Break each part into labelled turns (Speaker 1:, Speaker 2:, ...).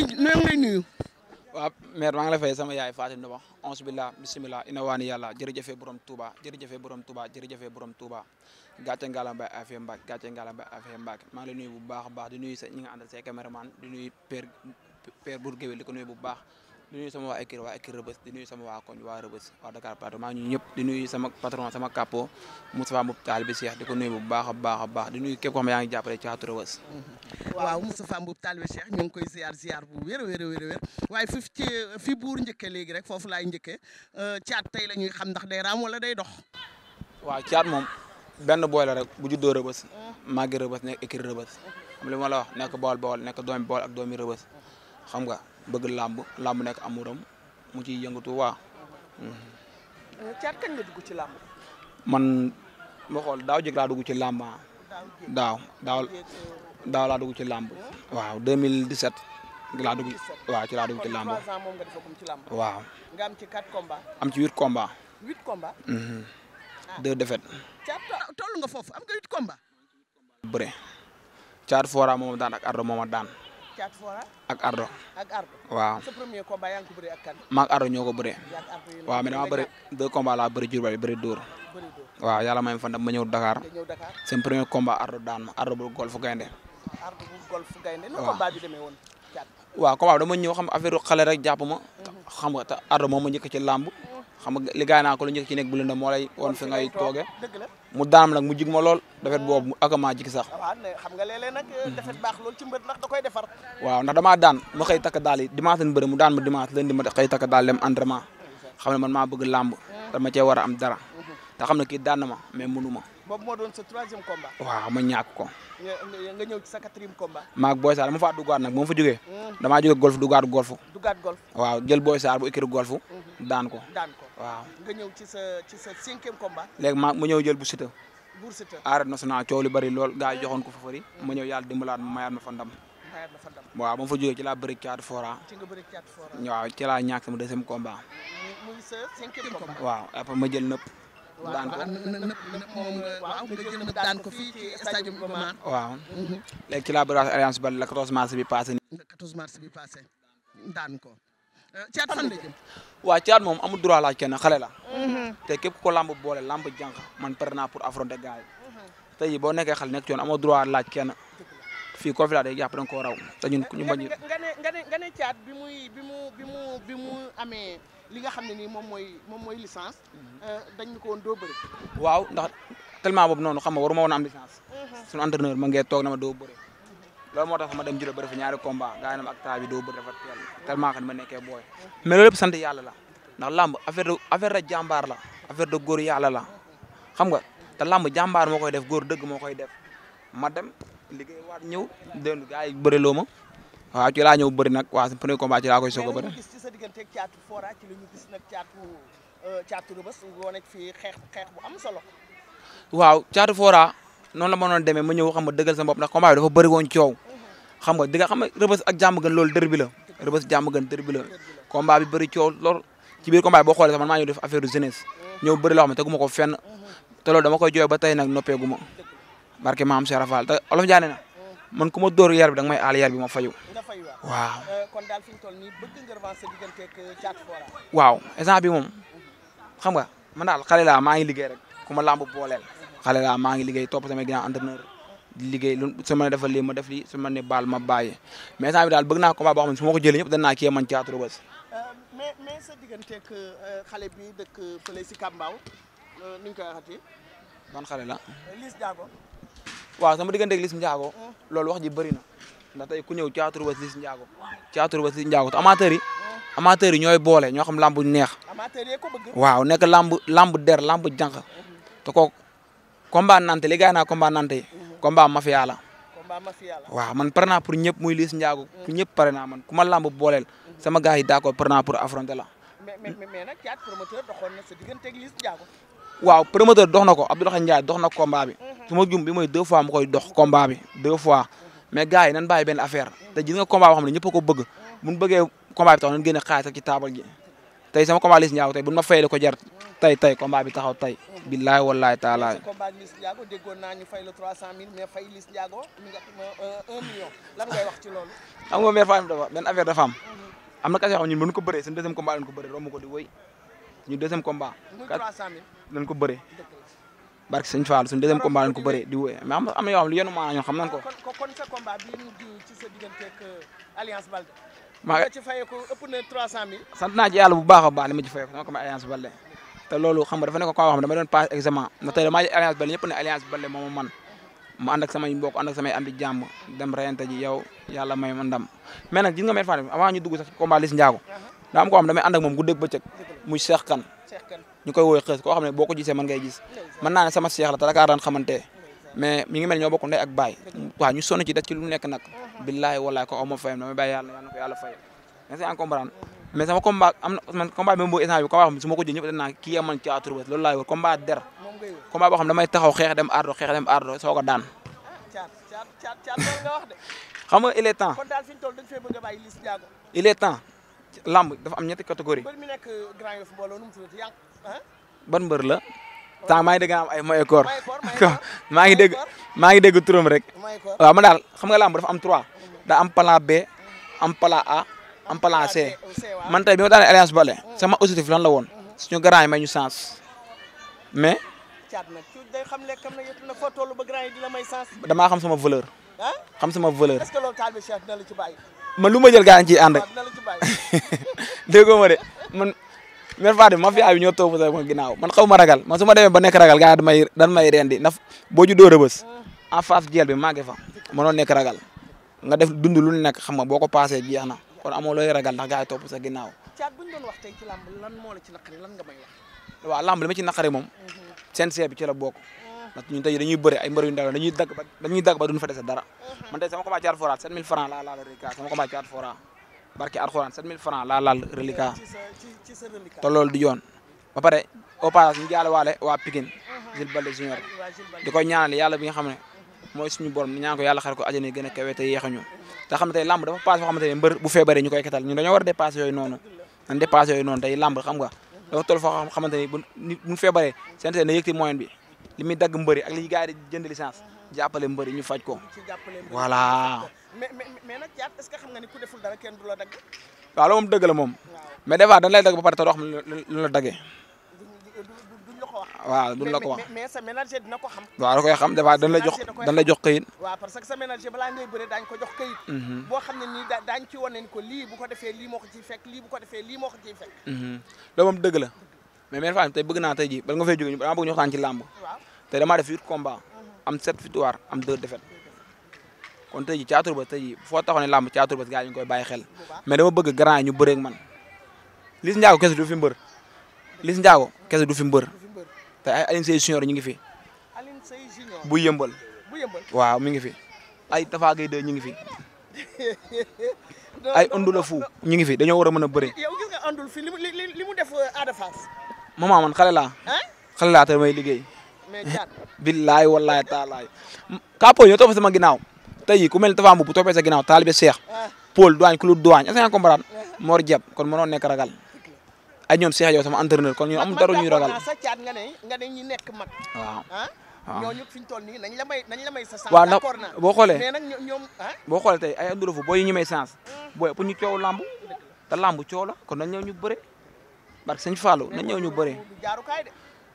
Speaker 1: lay noo ngi lay maa ngi sama yaay Fatou Ndoma onze billah bisimilah ina waani yàlla jërëjëfee borom Touba jërëjëfee borom Touba jërëjëfee borom Touba gàcce ngala mbay affaire Mbacke gàcce ngala mbay affaire Mbacke maa ngi lay nuyu bu baax baax di nuy sa ñi nga àndal say caméraman di nuyu père père Bourguewel di ko nuyu bu baax di sama waa écurie waa écurie Rëbës di sama waa koñ waa Rëbës waa Dakar Plateau maa ñu ñëpp di sama patron sama capot Moustapha Mboup Talibé Cheikh di ko nuyu bu baax a baax a baax di nuyu képp ko xam ne yaa ngi jàppale ci xatu Rëbës waaw
Speaker 2: Moustapha Mboup Talibé Cheikh ñu ngi koy ziar ziar bu wér a wér a wér a wér waaye fi ci fi buur njëkke léegi rek foofu laay njëkkee euh, caat tey la ñuy xam ndax day raam wala day dox
Speaker 1: waa caat moom benn boole rek bu juddoo Rëbës màggi Rëbës nekk écurie Rëbës xam la wax nekk bool bool nekk doomi bool ak doomi Rëbës nga bëgg làmb làmb nekk amuram mu ciy yëngatu waa.
Speaker 2: Euh, ci làmb.
Speaker 1: man ma xool daaw jëg laa dugg ci lamba ah. daaw daaw daaw laa dugg ci lamb waaw 2017. laa dugg waaw ci laa dugg ci làmb.
Speaker 2: waaw. nga am ci 4 combats. am ci 8 combats.
Speaker 1: Mhm. Ah.
Speaker 2: nga foofu am nga 8 combats.
Speaker 1: bëre caat Fora moom daan ak Ardo moom daan. Thiatou Fora ak Ardo
Speaker 2: ak Ardo waaw sa premier combat yaa ngi ko bëree ak kan maag
Speaker 1: Ardo ñoo ko bëree waaw mais dama bëri deux combats laa bëri Diourbel bëri Dóor waaw yàlla may ma fan ma ñëw Dakar seen premier combat Ardo daan ma Ardo bu golf gaynde Ardo bu golf gaynde nu dama ñëw xam affaire xale rek jàpp ma mhm. xam nga Ardo moom ma njëkk ci làmb xam nga liggéey naa ko lu njëkk ci nekk bu lëndëm moo lay woon fi ngay tooge mu daanam nag mu jig ma lool defet boobu ak maa jig sax ah, xam nga léeg-léeg nag euh, defet baax lool
Speaker 2: ci mbër koy defar
Speaker 1: waaw ndax dama daan ma xëy takk daal yi dimanche lañ bëri mu daan ma dimanche lañ di ma xëy takk daal dem entraînement xam ne ma maa bëgg lamb dama cee war a am dara te xam ne kii daan na ma mais mënu ma boobu moo doon sa troisième combat. waaw ma ñàkk ko. nga ñëw ci sa quatrième combat. maag Boy Sarr dama faa duggaat nag ma fa jógee. Mm. damaa jógee golf duggaat golf. duggaat golf waaw jël Boy Sarr bu écrire golf. Mm-hmm. daan ko daan ko waaw.
Speaker 2: nga ñëw ci sa ci sa cinquième combat. léegi ma ma
Speaker 1: ñëw jël bu Siteu. bu Siteu a nationale coow li bari lool gars yi ko fa fari. ma ñëw yàlla dimbalaat ma mayaat ma fa ndam. mayaat ma fa ndam waaw ba ma fa jógee ci laa bëri caatu fora. ci nga bëri caatu fora. waaw ci laa ñàkk sama deuxième combat. waaw après ma jël nëpp daan ko
Speaker 2: waaw uh, nga jël nag daan ko fii ci stade Iba Mar
Speaker 1: waaw mhm. léegi ci la bëri alliance ba la 14 mars bi passé. le
Speaker 2: 14 ko. Euh, caat la
Speaker 1: jëm. moom amul droit laaj kenn xale la. Mhm. te képp ko lamb boole lamb jànq man pare naa pour affronter gars yi. Mhm. tey boo nekkee xale nekk ci yoon amoo laaj kenn. fii koo fi laa day jàpp da nga koo raw. te ñun ñu bañ nga
Speaker 2: ne nga ne nga ne caat bi muy bi bi mu bi mu amee. li nga xam ne nii moom mooy moom mooy licence. Mhm. Euh, dañ ñu ko woon doo bëri.
Speaker 1: waaw ndax tellement boobu noonu xam ma waruma woon am licence. Mhm. sunu entraîneur ma ngee toog na ma doo bëri. loolu moo tax ma dem jël bëri fa ñaari combat gaa yi ak taa bi doo bëri dafa teel tellement xam ne ma nekkee booy.
Speaker 2: mais loolu yëpp sant yàlla
Speaker 1: la ndax lamb affaire de affaire de jàmbaar la affaire de góor yàlla la xam nga te lamb jàmbaar moo koy def góor dëgg moo koy def ma dem liggéey waat ñëw dégg nga gaa yi bëriloo ma waaw ci laa ñëw bëri nag waa premier combat ci laa koy soog a bëri. mais gis ci sa diggante caatu fora ci
Speaker 2: la ñu gis nag caatu euh, am solo.
Speaker 1: waaw caatu fora noonu ma noon demee ma ñëw xam nga dëggal sa bopp ndax combat bi dafa bëri woon coow mhm. xam nga di nga xam ne rëbës ak jàmm gën loolu dër bi la rëbës jàmm gën dër bi la combat bi bëri coow lool ci biir combat bi boo xoolee sax man maa ñëw def affaire jeunesse mhm. ñëw bëri loo xam ne teguma ko fenn mhm. te loolu dama koy jooy ba tey nag noppeeguma barke ma Cheikh Rafal te olof jaane na man ku ma dóor yar bi da nga may aal yar bi ma fayu.
Speaker 2: waaw. Euh, kon daal fi ñu toll nii bëgg nga revanche sa euh,
Speaker 1: waaw instant bi moom xam nga man daal xale laa maa ngi liggéey rek ku ma làmb booleel. xale laa maa ngi liggéey topp sama ginnaaw entraîneur di liggéey lu su ma ne defal lii ma def lii su ma ne baal ma bàyyi mais instant bi daal bëgg naa ko boo xam ne su ma ko jëlee ñëpp danaa kii man Thiatou Rebeuss.
Speaker 2: mais mais sa digganteeg euh, xale bi dëkk fële si Kambaaw nu ñu koy waxati.
Speaker 1: ban xale la. waaw sama diggante ak Liss Ndiago ah. loolu wax ji bëri na ndax tey ku ñëw Thiatou Rebeuss Liss Ndiago Thiatou Rebeuss Liss Ndiago yi ah. amateur yi ñooy boole ñoo xam lamb neex waaw nekk lamb lamb der lamb jànq mhm. te kooku combat nante li gaay naa combat nante yi mhm. combat waaw man pare naa pour ñëpp muy Liss Ndiago mhm. ñëpp pare naa man ku ma lamb booleel sama gars yi d'accord pare naa pour affronter la mais waaw promoteur dox na ko Abdoulaye Ndiaye dox na combat bi mm. su jum bi mooy deux fois mu koy dox combat bi deux fois mais gars yi nan bàyyi benn affaire te gis nga combat ko bëgg buñ bëggee combat bi taxaw nañ taabal ji tey sama combat Liss Ndiago tey buñ ma fayale ko jar tey tey combat bi taxaw tey billaay la 300000
Speaker 2: mais fay Liss Ndiago nga 1 euh, million lan ngay wax ci loolu
Speaker 1: xam nga mère Fane dafa benn affaire dafa am am na kase yoo xam ne ñun mënu ko bëree suñu deuxième combat lañ ko bëree romb ko di wëy suñu deuxième combat 300000 lañ ko bëree barke sëñ Fall suñu deuxième combat lañ ko bëree di wéy mais am am na yoo xam ne xam nañ ko. kon sa combat bii ñu di ci
Speaker 2: euh, bu baax a baax li ma ci fayee ko sama
Speaker 1: combat Alliance Balde te loolu passe examen ndax tey damaa Alliance Balde ñëpp ne Alliance Balde moom man ma ànd ak samay mbokk ànd ak samay andi jàmm dem reyante ji yow yàlla may ma ndam nag gis nga Maître Fadam avant ñu dugg sax combat Liss Ndiago daa am koo xam damay ànd ak moom guddeeg koo xam ne boo ko gisee mën ngay gis na naa ne sama seex la te Dakar daan xamante mais mi ngi mel ñoo bokk ndey ak uh-huh. billahi wallahi ko aw ma fayam damay bàyyi yàlla yàlla na ko yàlla fay est-ce na man combat même boobu instant bi combat xam su ma ko jël ñëpp danaa kii amoon ci à trouver loolu laay wër combat der combat boo xam damay taxaw xeex dem ardo xeex dem ardo soo ko daan xam nga il lamb dafa am ñetti catégorie. mbër
Speaker 2: nekk Grand Yoff mbooloo nu
Speaker 1: ah? ban mbër la. temps maa ngi dégg am ay moye maa ngi dégg maa ngi dégg turam rek waaw ma daal xam nga lamb dafa am trois daa am plan B am plan A am plan C man tey bi ma daal alliance bale sama objectif lan la woon suñu grand yi may ñu sens mais damaa xam sama voleur xam sama valeur. est-ce que loolu la ci bàyyi. man lu ma jël gaa ngi ciy ànd ak ma de man mère Fadi mafia bi ñoo topp sax ma ginnaaw man xaw ma ragal man su demee ba nekk ragal gaa damay dan may rendi ndax boo juddoo rëbës en face jël bi màggee fa mënoo nekk ragal nga def dund lu nekk xam nga boo ko paasee jeex na kon amoo looy ragal ndax gaa yi topp sax ginnaaw. caat bu
Speaker 2: wax tey ci làmb
Speaker 1: moo la ci naqari lan nga may wax. waaw làmb li ma ci naqari moom. CNG bi ci la bokk. ndax ñun tey dañuy bëre ay mbër yu ndaw dañuy dagg ba dañuy dagg ba duñ fa dese dara uh-huh. man tey sama combat ci alxuraan 7000 francs laa laal reliquat sama combat ci alxuraan barke alxuraan 7000 francs laa laal reliquat te loolu di yoon ba pare au passage ñu jaale waale waa Pikine uh-huh. Jules Baldé Junior di koy ñaanal yàlla bi nga xam ne mooy suñu borom ñaan ko yàlla xar ko àjjana gën a kawe te yéexañu te xam ne tey làmb dafa passé foo xamante ne mbër bu feebaree ñu koy ketal ñun dañoo war a dépassé yooyu noonu dañ dépassé yooyu noonu tey làmb xam nga dafa toll foo xamante ne bu feebaree seen seen na yëkkati moyen bi li muy dagg mbëri ak li gars yi di jënd licence jàppale mbëri ñu faj ko. voilà.
Speaker 2: mais mais mais nag yaat est que xam nga ni ku deful dara kenn du la dagg.
Speaker 1: waaw loolu moom dëgg la moom. mais des fois dañ lay dagg ba pare te doo xam lu la daggee. waaw duñ la ko wax mais ko xam. waaw da koy xam dafa dañ la jox dañ la jox këyit. que sa ménager balaa ngay bëre daañu ko jox këyit. boo
Speaker 2: xam ne nii daañu ci ko lii bu ko defee lii moo ko ciy fekk lii bu ko defee lii moo ko ciy
Speaker 1: loolu moom dëgg la. mais mère Fane tey bëgg naa tey ji bala nga fay jógee dama bëgg ñu waxtaan ci làmb tey damaa def huit combat am sept victoire am deux défaites kon tey ji Thiatou Rebeuss tey ji foo taxoon ne làmb Thiatou Rebeuss gars yi ñu koy bàyyi xel mais dama bëgg grand yi ñu bëree ak man Liss Ndiago kese du fi mbër Liss Ndiago kese du fi te ay Alioune Seye junior ñu ngi fi bu yëmbal waaw mi ngi fi ay Tafa Gueye 2 ñu ngi fi
Speaker 2: ay
Speaker 1: Ondula Fou ñu ngi fi dañoo war a mën a bëri
Speaker 2: yow fi li mu euh,
Speaker 1: maman man xale laa. xale laa te may liggéey. mais cat billaay wallaay taalaay. kaapo ñoo topp sama ginnaaw tey ku mel ne Tafa Mboup bu toppee sa ginnaaw taalibe Cheikh. Ah. Paul Douagne Claude Douagne est-ce que nga ah. Mor Diab kon mënoo nekk ragal. ak ñoom Cheikh yow sama entraîneur kon ñoom amul dara ñuy ragal.
Speaker 2: sa caat nga ne nga ne ñi nekk mag. waaw ah? waaw ñooñu ñu toll nii nañ la may nañ la may sa chance. d'accord boo xoolee mais nag ñoom
Speaker 1: boo xoolee tey ay andurofu ñu may chance. Hmm. booy pour ñu coow lamb te lamb coow la kon nañ ñëw ñu bëre barke sëñ Fallou na ñëw ñu bëri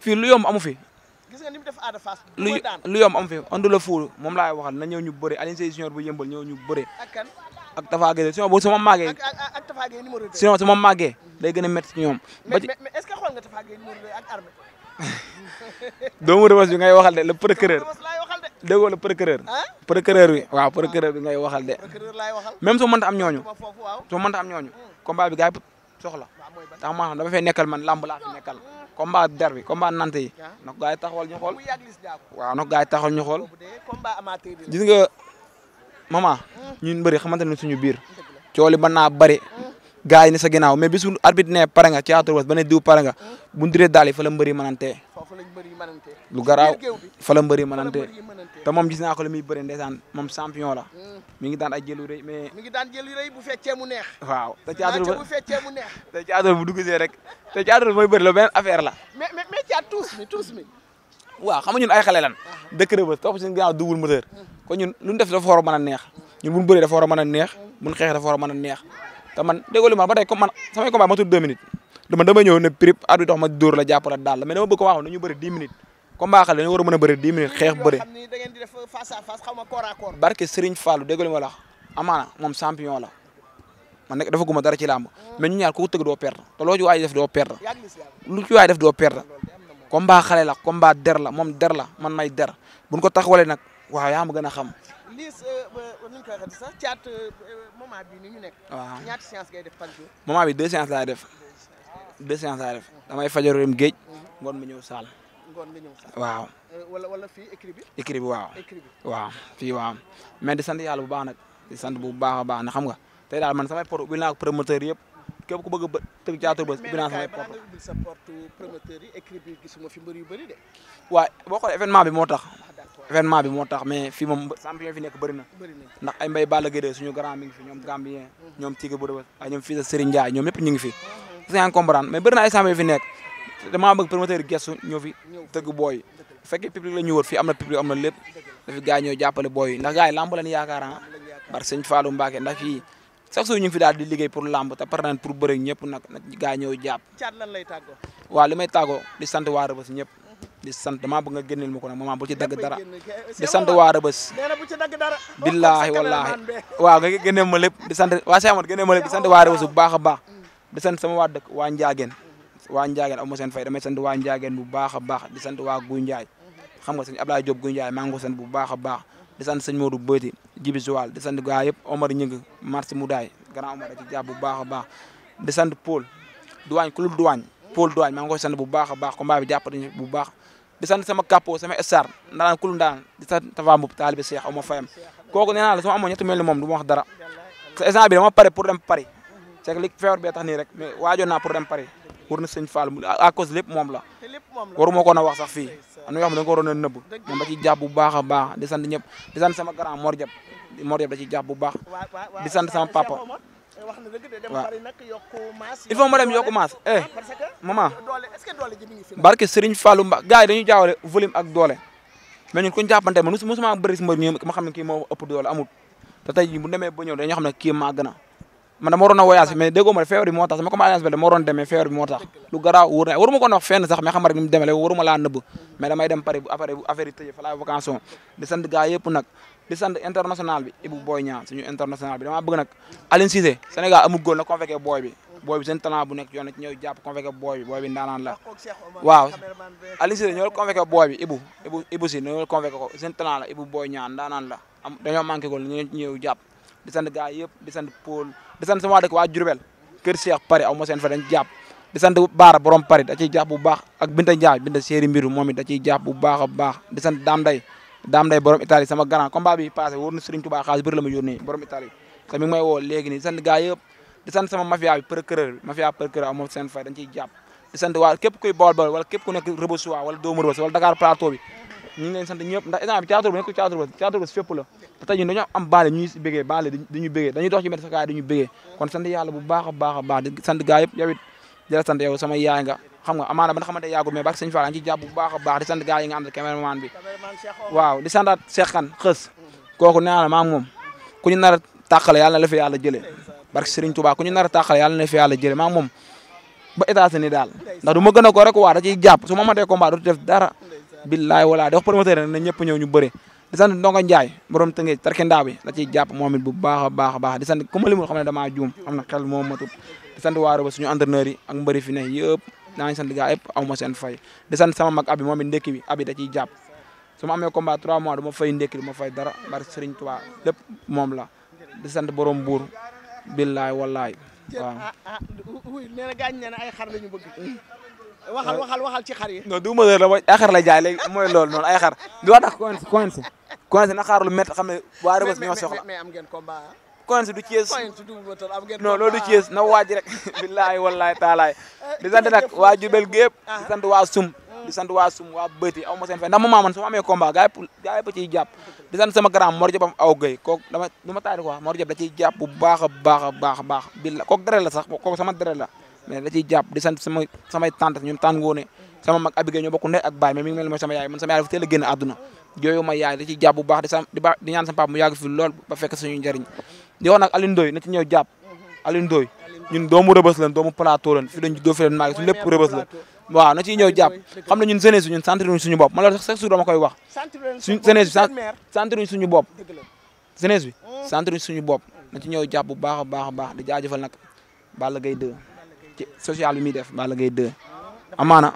Speaker 1: fii lu yomb amu fi lu lu yomb amu fi andu la fuul moom laay waxal na ñëw ñu bëri Alioune Seye junior bu yëmbal ñëw ñu bëri ak Tafa Gueye sinon bu sama màggee sinon sama màggee day gën a métti ci ñoom ba ci doomu Rebeuss bi ngay waxal de le procureur déggoo le procureur procureur bi waaw procureur bi ngay waxal de même soo mënta am ñooñu soo mënta am ñooñu combat bi gaay soxla ndax maanaam dafa fay nekkal man làmb laa fi nekkal combat derbi combat nante yi nag gaa yi taxawal ñu xool waaw nag gaa yi taxawal ñu xool gis nga mama ñun bëri xamante ne suñu biir cooli mën naa bëri gars yi ne sa ginnaaw mais bisu arbitre ne pare nga ba ne diw pare nga bu ñu diree daal yi fa la mbëri mënantee lu garaaw fa la mbëri mënantee te moom gis naa ko la hmm. mi ngi daan ay
Speaker 2: bu feccee mu neex
Speaker 1: waaw te Thiatou Rebeuss bu
Speaker 2: feccee mu neex
Speaker 1: te Thiatou Rebeuss bu duggsee rek te Thiatou Rebeuss mooy bëri la beneen affaire la
Speaker 2: mais mais Thiatou tuus mi tuus mi
Speaker 1: waaw xam nga ñun ay xale lan ah. dëkk Rebeuss topp seen ginnaaw duwul hmm. ñun lu ñu def dafa war a mën a neex ñun buñ bëri dafa war a neex hmm. buñ xeex dafa war a a neex te man déggoo li ma ba tey comme man samay combat ma tudd deux minutes dama dama ñëw ne prip at bi tax ma dóor la jàpp la daal mais dama bëgg ko waxoon nañu bëri dix minutes combat xale dañu war a mën a bëri dix minutes xeex bëri barke Serigne Fallou déggoo li ma la amaana moom champion la man nag dafa guma dara ci làmb mais ñu ñaar ku ko tëgg doo perte te loo ci waay def doo perte lu ci waay def doo perte combat xale la combat der la moom der la man may der buñ ko taxawalee nag waaw yaa ma gën a xam
Speaker 2: lii euh, nu ñu koy waxee sax caat euh, moment bii ni ñu nekk. waaw ñaata séance ngay def par
Speaker 1: jour. bi deux séances laay def. deux séances laay def damay fajaru dem géej. Mhm. ngoon mi ñëw saal. ngoon mi ñëw saal waaw. Euh, fii bi. écrit bi waaw. écrit bi waaw fii di sant yàlla bu baax nag di sant bu baax a baax na xam nga tey daal man samay port ubbil naa ko promoteur yëpp. képp ku bëgg a bë tëg jaatu bës bi naa samay
Speaker 2: porte mais sa porte promoteur yi écrit bi gisuma fi mbër yu bëri
Speaker 1: bi moo tax. événement bi moo tax mais fi moom champion fi nekk bëri ndax ay mbay Balla Gaye suñu grand mi ngi fi ñoom Gambien ñoom Tigre bu ay ñoom fii sa Serigne ñoom ñëpp ñu fi mhm. seen comprendre mais bëri gestu ñoo tëgg booy fekkee public la ñu wër fii am na public am na lépp dafi gars ñoo jàppale booy ndax gars yi lamb ah. di liggéey pour lamb te pare nañ pour bëri ñëpp nag nag gars li may tàggoo di sant waa Rëbës ñëpp di sant damaa a nga génneel ma ko nag maman bu ci dagg dara di sant waa Rëbës
Speaker 2: billaahi wallaahi waaw
Speaker 1: nga génneel ma lépp di sant waa Cheikh Amad ma lépp di sant waa bu baax a baax mm. di sant sama waa dëkk waa Njaageen waa Njaageen amu seen fay damay sant waa Njaageen bu baax a baax di sant waa Guy Njaay xam nga sëñ Ablaye Diop Guy Njaay maa ngi ko sant bu baax a baax di sant sëñ Modou Bëti Jibi Joal di sant gaa yëpp Omar Ñing Marsi Mudaay grand Omar ci bu baax a baax di sant Paul Duwaañ kulub Duwaañ Paul Duwaañ bu baax a baax combat bi di sant sama kàppoo sama star ndaan kul ndaan di sant Tafa Mboup taalibe Seex aw ma fayam kooku nee naa la su ma amoon ñett mel ni moom du ma wax dara sa instant bi dama pare pour dem Paris c'est que li feebar nii rek mais waajoon naa pour dem Paris war na sëñ Fall à cause lépp moom la waruma ko na wax sax fii am na yoo xam ne da nga ko waroon bu baax a baax di sant ñëpp di sant sama grand Mor Diop Mor Diop da ciy jàpp bu baax di sant sama papa il faut ma dem yokku maas eh ah, maman barke Serigne Fallou Mba gars yi dañuy volume ak doole mais ñun kuñ jàppante man mosuma bëri si ma xam kii moo ëpp doole amul te tey bu demee ba ñëw dañoo xam ne kii maa gën a man dama waroon a voyage mais déggoo bi moo tax sama comme alliance bi moo tax lu garaaw wóor na waruma ko wax fenn sax mais xam rek ni mu demee waruma laa nëbb mais damay dem Paris bu bu affaire yi fa laa vacation di sant gars yëpp nag di sant international bi Ibou Boy Niang suñu international bi damaa bëgg nag Alioune Cissé Sénégal amul góol na convoqué booy bi booy bi seen talent bu nekk yoon na ci ñëw jàpp convoqué booy bi booy bi ndaanaan la waaw Alioune Cissé ñoo convoqué booy bi Ibou Ibou ko seen talent la Ibou Boy Niang ndaanaan la am dañoo manqué góol ñu ñëw jàpp di sant gars yëpp di sant Paul di sant sama waa dëkk waa Diourbel kër Cheikh Paris aw ma seen fa dañ jàpp di sant Baara borom Paris da ciy jàpp bu baax ak Binta Ndiaye Binta Séeri Mbiru moom it da ciy jàpp bu baax a baax di sant Dame Day daam day borom Italie sama grand combat bi passé wóor na Serigne Touba xaalis bëri la ma yónnee borom Italie te mi ngi may woo léegi nii di sant gars yëpp di sant sama mafia bi procureur bi mafia procureur moom seen fay dañ ku nekk Rebeuss waa wala bi ñu ngi leen sa kaay dañuy bégee kon bu baax a a di sant gars yëpp yow it di sama yaay xam nga amaana ba nga xamante yàggul a baax di na maa ngi moom ku ñu nar a tàqale na la fi yàlla jëlee barke ku ñu a tàqale yàlla na la fi yàlla jëlee maa ngi moom ba États-Unis daal ndax du ma a ko rek waa da ciy jàpp su ma matee combat du def dara billaay wala di wax promoteur ne ñëpp ñëw ñu bëre di Ndongo Njaay borom tëngee tarkindaa bi da ciy jàpp moom it bu baax a baax a baax di sant ku ma juum am moom matub di sant waa Rebeuss suñu entraîneur yi ak naa ngi sant gaa yëpp aw ma seen fay di sant sama mag abi moom it abi da ciy jàpp su ma amee combat 3 mois du fay ndekki du fay dara bari Serigne Touba lépp la di sant borom buur billaay wallaay waaw ah,
Speaker 2: ah, nee na gaañ nee na ay xar lañu bëgg waxal euh, waxal waxal ci xar yi
Speaker 1: non du ma la ay xar la jaay léegi mooy loolu noonu ay xar du wax tax coince na xaar lu métti xam ne waa Rebeuss coins du ci yées non loolu du ci yées na waaj rek billaahi wallaahi taalaay eh, di sant nag waa jubel gépp ah. di sant waa sum mm. di sant waa sum waa bëti aw ma seen fay ndax ma man su ma amee combat gaa yëpp gaa yëpp ciy jàpp di sant sama grand Mor Diop am aw gay kooku dama du ma taal quoi Mor Diop da ciy jàpp bu baax a baax a baax a baax billa kooku dere la sax kooku sama dere la mais da ciy jàpp di sant sama samay tante ñoom tànn ngoone sama mag Abigé ñoo bokk ndey ak baay mais mi ngi mel mooy sama yaay man sama yaay dafa teel a génn àdduna jooyu ma yaay da ciy jàpp bu baax di sant di ñaan sama papa mu yàgg fi lool ba fekk suñu njëriñ di wax nag Alioune Ndoye na ci ñëw jàpp Alioune ñun doomu rëbës lan doomu plateau lan fi lañ doo fi leen maagi suñu lépp rëbës la na ciy ñëw jàpp xam ne ñun jeunesse bi ñun sentir suñu bopp man loolu sax chaque jour dama koy wax
Speaker 2: suñ jeunesse bi
Speaker 1: sentir suñu bopp jeunesse bi sentir suñu bopp na ci ñëw jàpp bu baax a baax a baax di jaajëfal nag Balla Gaye 2 ci social bi muy def Balla Gaye 2 amaana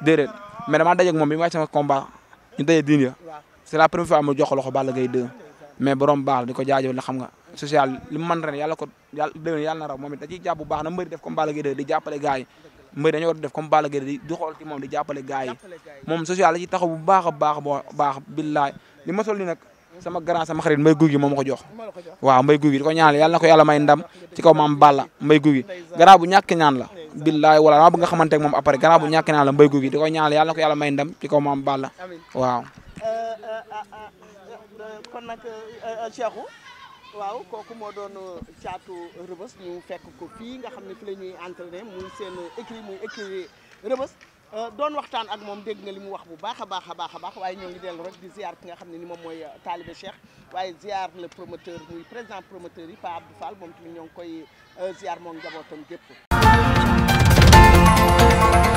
Speaker 1: déedéet mais damaa dajeeg moom bi mu wàcc sama combat ñu daje diin la première fois mu jox loxo Balla Gaye 2 mais borom baax di ko jaajëfal na xam nga social li mu mën ren yàlla ko yàlla déwén yàlla na raw moom it da ciy jàpp bu baax na mbëri def comme Balla Gaye di jàppale gars yi mbëri dañoo war def comme Balla Gaye di di xool ci moom di jàppale gars yi moom social la ci taxaw bu baax a baax baax billaay li ma sol ni nag sama grand sama xarit mbay guy gi moom ma ko jox waaw mbay guy gi di ko ñaanal yàlla na ko yàlla may ndam ci kaw maam Balla mbay guy gi gannaaw bu ñàkk ñaan la billaay wala maa bëgg nga xamante ak moom après gannaaw bu ñàkk ñaan la mbay guy gi di ko ñaanal yàlla na ko yàlla may ndam ci kaw maam Balla waaw euh,
Speaker 2: euh, euh, kon nag Cheikhou waaw kooku moo doon euh, caatu rëbës ñu fekk ko fii nga xam ne fi la ñuy entraîné muy seen écrit muy écrit rëbës euh, doon waxtaan ak moom dégg nga li mu wax bu baax a baax a baax a baax waaye ñoo ngi dellu rek di ziar ki nga xam ne ni moom mooy euh, Talibé Cheikh waaye ziar le promoteur muy président promoteur yi Pa Abdou Fall moom tamit ñoo ngi koy ziar moom njabootam gépp